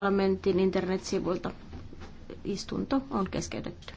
parlamentin internetsivuilta. Istunto on keskeytetty.